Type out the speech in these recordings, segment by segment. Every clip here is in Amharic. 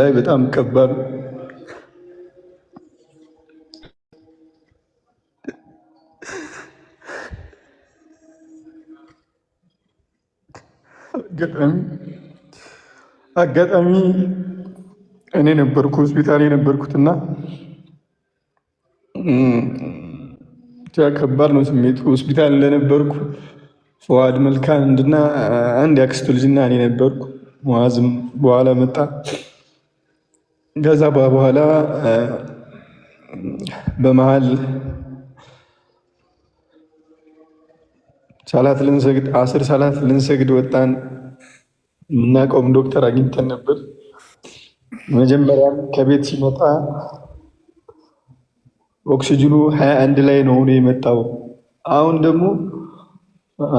ላይ በጣም ከባድ አጋጣሚ እኔ ነበርኩ ሆስፒታል የነበርኩት የነበርኩትና ከባድ ነው ስሜቱ። ሆስፒታል እንደነበርኩ ፈዋድ መልካ እንድና አንድ ያክስቱ ልጅና እኔ ነበርኩ። መዋዝም በኋላ መጣ። ከዛ በኋላ በመሀል ሰላት ልንሰግድ አስር ሰላት ልንሰግድ ወጣን። የምናውቀውም ዶክተር አግኝተን ነበር። መጀመሪያም ከቤት ሲመጣ ኦክሲጅኑ ሀያ አንድ ላይ ነው ሆኖ የመጣው። አሁን ደግሞ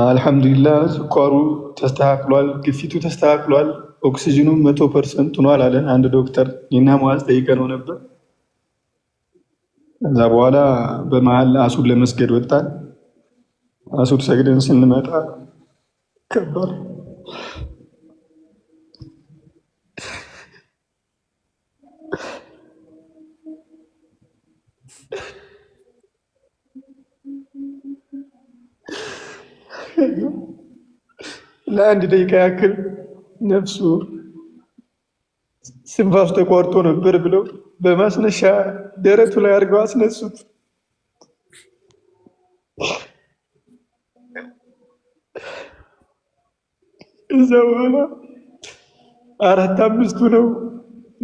አልሐምዱሊላህ ስኳሩ ተስተካክሏል፣ ግፊቱ ተስተካክሏል፣ ኦክሲጅኑ መቶ ፐርሰንት ሆኗል አለን አንድ ዶክተር። እኔና መዋዝ ጠይቀነው ነበር። ከዛ በኋላ በመሀል አሱድ ለመስገድ ወጣን። አሱድ ሰግደን ስንመጣ ከባድ ለአንድ ደቂቃ ያክል ነፍሱ ስንፋሱ ተቋርጦ ነበር ብለው በማስነሻ ደረቱ ላይ አድርገው አስነሱት። እዛ በኋላ አራት አምስቱ ነው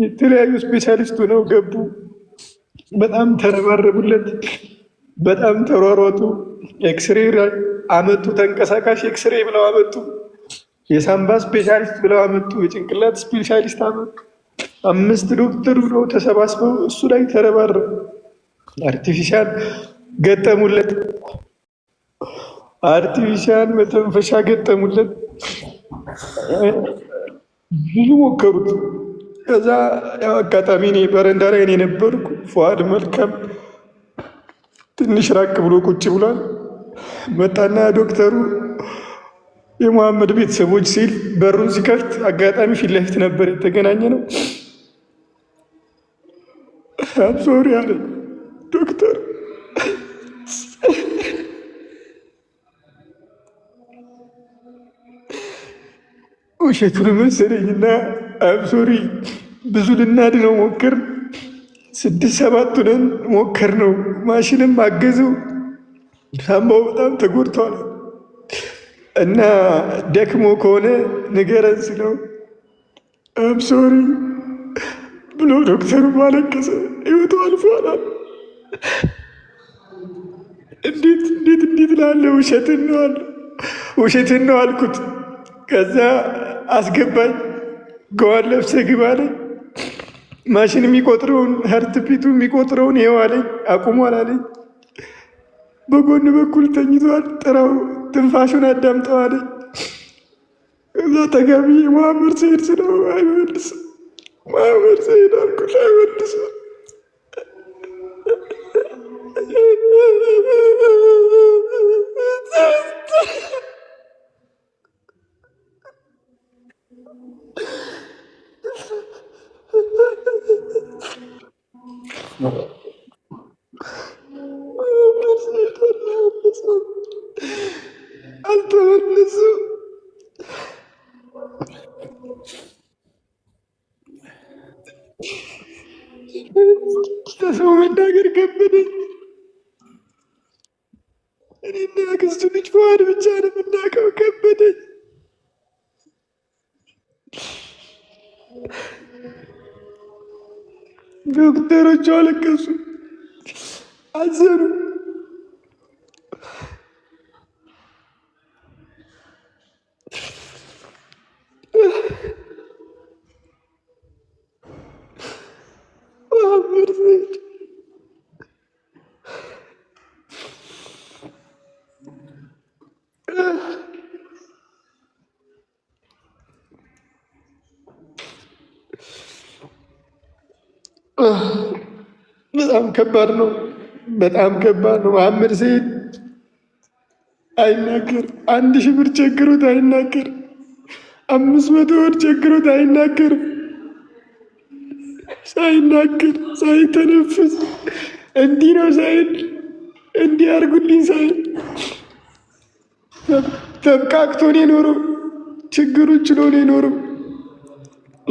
የተለያዩ ስፔሻሊስቱ ነው ገቡ። በጣም ተረባረቡለት፣ በጣም ተሯሯጡ። ኤክስሬ አመጡ። ተንቀሳቃሽ ኤክስሬ ብለው አመጡ። የሳምባ ስፔሻሊስት ብለው አመጡ። የጭንቅላት ስፔሻሊስት አመጡ። አምስት ዶክተር ብለው ተሰባስበው እሱ ላይ ተረባረ አርቲፊሻል ገጠሙለት። አርቲፊሻል መተንፈሻ ገጠሙለት። ብዙ ሞከሩት። ከዛ አጋጣሚ እኔ በረንዳ ላይ እኔ ነበርኩ። መልካም ትንሽ ራቅ ብሎ ቁጭ ብሏል። መጣና ዶክተሩ የመሐመድ ቤተሰቦች ሲል በሩን ሲከፍት አጋጣሚ ፊት ለፊት ነበር የተገናኘ ነው። አብሶሪ አለ ዶክተር። ውሸቱን መሰለኝና አብሶሪ ብዙ ልናድነው ሞክር ስድስት ሰባቱንን ሞከር ነው። ማሽንም አገዘው ላምባው በጣም ተጎድቷል እና ደክሞ ከሆነ ንገረን ስለው ሶሪ ብሎ ዶክተሩ ማለቀሰ። ህይወቱ አልፏላል። እንዴት እንዴት እንዴት ላለ ውሸት ነው ውሸት ነው አልኩት። ከዛ አስገባኝ። ገዋን ለብሰ ግባለ ማሽን የሚቆጥረውን ሀርትፒቱ የሚቆጥረውን ይኸው አለኝ። አቁሟል አለኝ። በጎን በኩል ተኝቷል። ጥረው ትንፋሹን አዳምጠዋል። እዛ ተጋቢ መሐመድ ሰይድ ስለው አይመልስ መሐመድ ሰይድ አልኩት አይመልስ አልተመለሱም። ለሰው መናገር ከበደኝ። እኔና አክስቱ ልጅ ፈዋድ ብቻ ነው የምናውቀው። ከበደኝ። ዶክተሮቹ አለቀሱ፣ አዘኑ። በጣም ከባድ ነው። በጣም ከባድ ነው። መሐመድ ሰይድ አይናገር። አንድ ሺህ ብር ቸግሮት አይናገር። አምስት መቶ ወር ቸግሮት አይናገርም። ሳይናገር ሳይተነፍስ እንዲህ ነው ሳይል እንዲህ አድርጉልኝ ሳይል ተብቃቅቶ ነው የኖረው። ችግሩ ችሎ ነው የኖረው።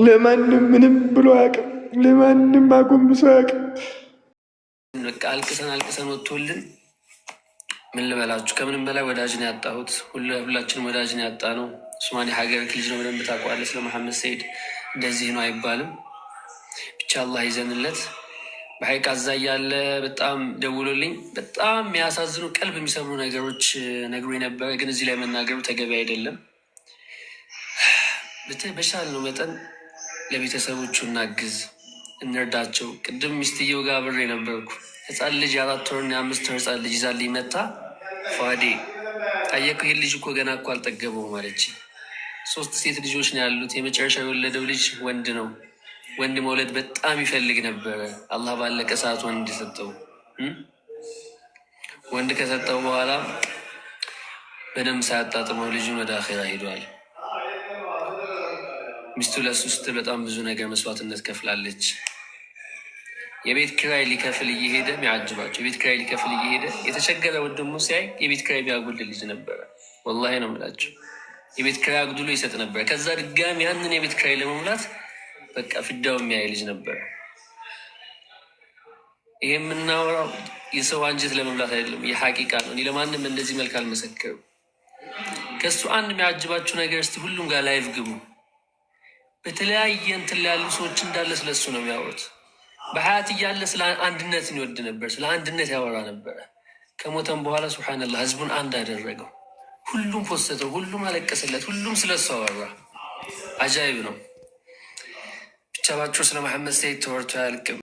ለማንም ምንም ብሎ አያውቅም። ለማንም አጎንብሶ አያውቅም። በቃ አልቅሰን አልቅሰን ወጥቶልን ምን ልበላችሁ፣ ከምንም በላይ ወዳጅን ያጣሁት ሁላችንም ወዳጅን ያጣ ነው። ሶማሌ ሀገርን ልጅ ነው በደንብ ታውቀዋለህ። ስለ መሐመድ ሰይድ እንደዚህ ነው አይባልም። ብቻ አላህ ይዘንለት። በሀይቅ አዛ እያለ በጣም ደውሎልኝ በጣም የሚያሳዝኑ ቀልብ የሚሰሙ ነገሮች ነግሮ ነበረ፣ ግን እዚህ ላይ መናገሩ ተገቢ አይደለም። በቻልነው መጠን ለቤተሰቦቹ እናግዝ፣ እንርዳቸው። ቅድም ሚስትየው ጋር ብሬ ነበርኩ። ህፃን ልጅ የአራት ወርና የአምስት ወር ህፃን ልጅ ይዛ መታ ፏዴ ጠየቅኩ። ይህን ልጅ እኮ ገና እኮ አልጠገበው ማለች ሶስት ሴት ልጆች ነው ያሉት። የመጨረሻ የወለደው ልጅ ወንድ ነው። ወንድ መውለድ በጣም ይፈልግ ነበረ። አላህ ባለቀ ሰዓት ወንድ ሰጠው። ወንድ ከሰጠው በኋላ በደንብ ሳያጣጥመው ልጁን ወደ አኼራ ሄዷል። ሚስቱ ለሱ ውስጥ በጣም ብዙ ነገር መስዋዕትነት ከፍላለች። የቤት ኪራይ ሊከፍል እየሄደ የሚያጅባቸው የቤት ኪራይ ሊከፍል እየሄደ የተቸገረ ወንድሙ ሲያይ የቤት ኪራይ ቢያጉል ልጅ ነበረ። ወላሂ ነው የምላቸው የቤት ክራይ አጉድሎ ይሰጥ ነበር። ከዛ ድጋሚ ያንን የቤት ክራይ ለመሙላት በቃ ፍዳው የሚያይ ልጅ ነበር። ይሄ የምናወራው የሰው አንጀት ለመብላት አይደለም፣ የሐቂቃ ነው። ለማንም እንደዚህ መልክ አልመሰክርም። ከሱ አንድ የሚያጅባችሁ ነገር እስቲ ሁሉም ጋር ላይቭ ግቡ። በተለያየ እንትን ላይ ያሉ ሰዎች እንዳለ ስለሱ ነው የሚያወሩት። በሀያት እያለ ስለ አንድነትን ይወድ ነበር፣ ስለ አንድነት ያወራ ነበረ። ከሞተም በኋላ ሱብሓነላህ ህዝቡን አንድ አደረገው። ሁሉም ኮሰተው፣ ሁሉም አለቀሰለት፣ ሁሉም ስለሱ አወራ። አጃይብ ነው። ብቻ ባጭሩ ስለ መሐመድ ሰይድ ተወርቶ አያልቅም።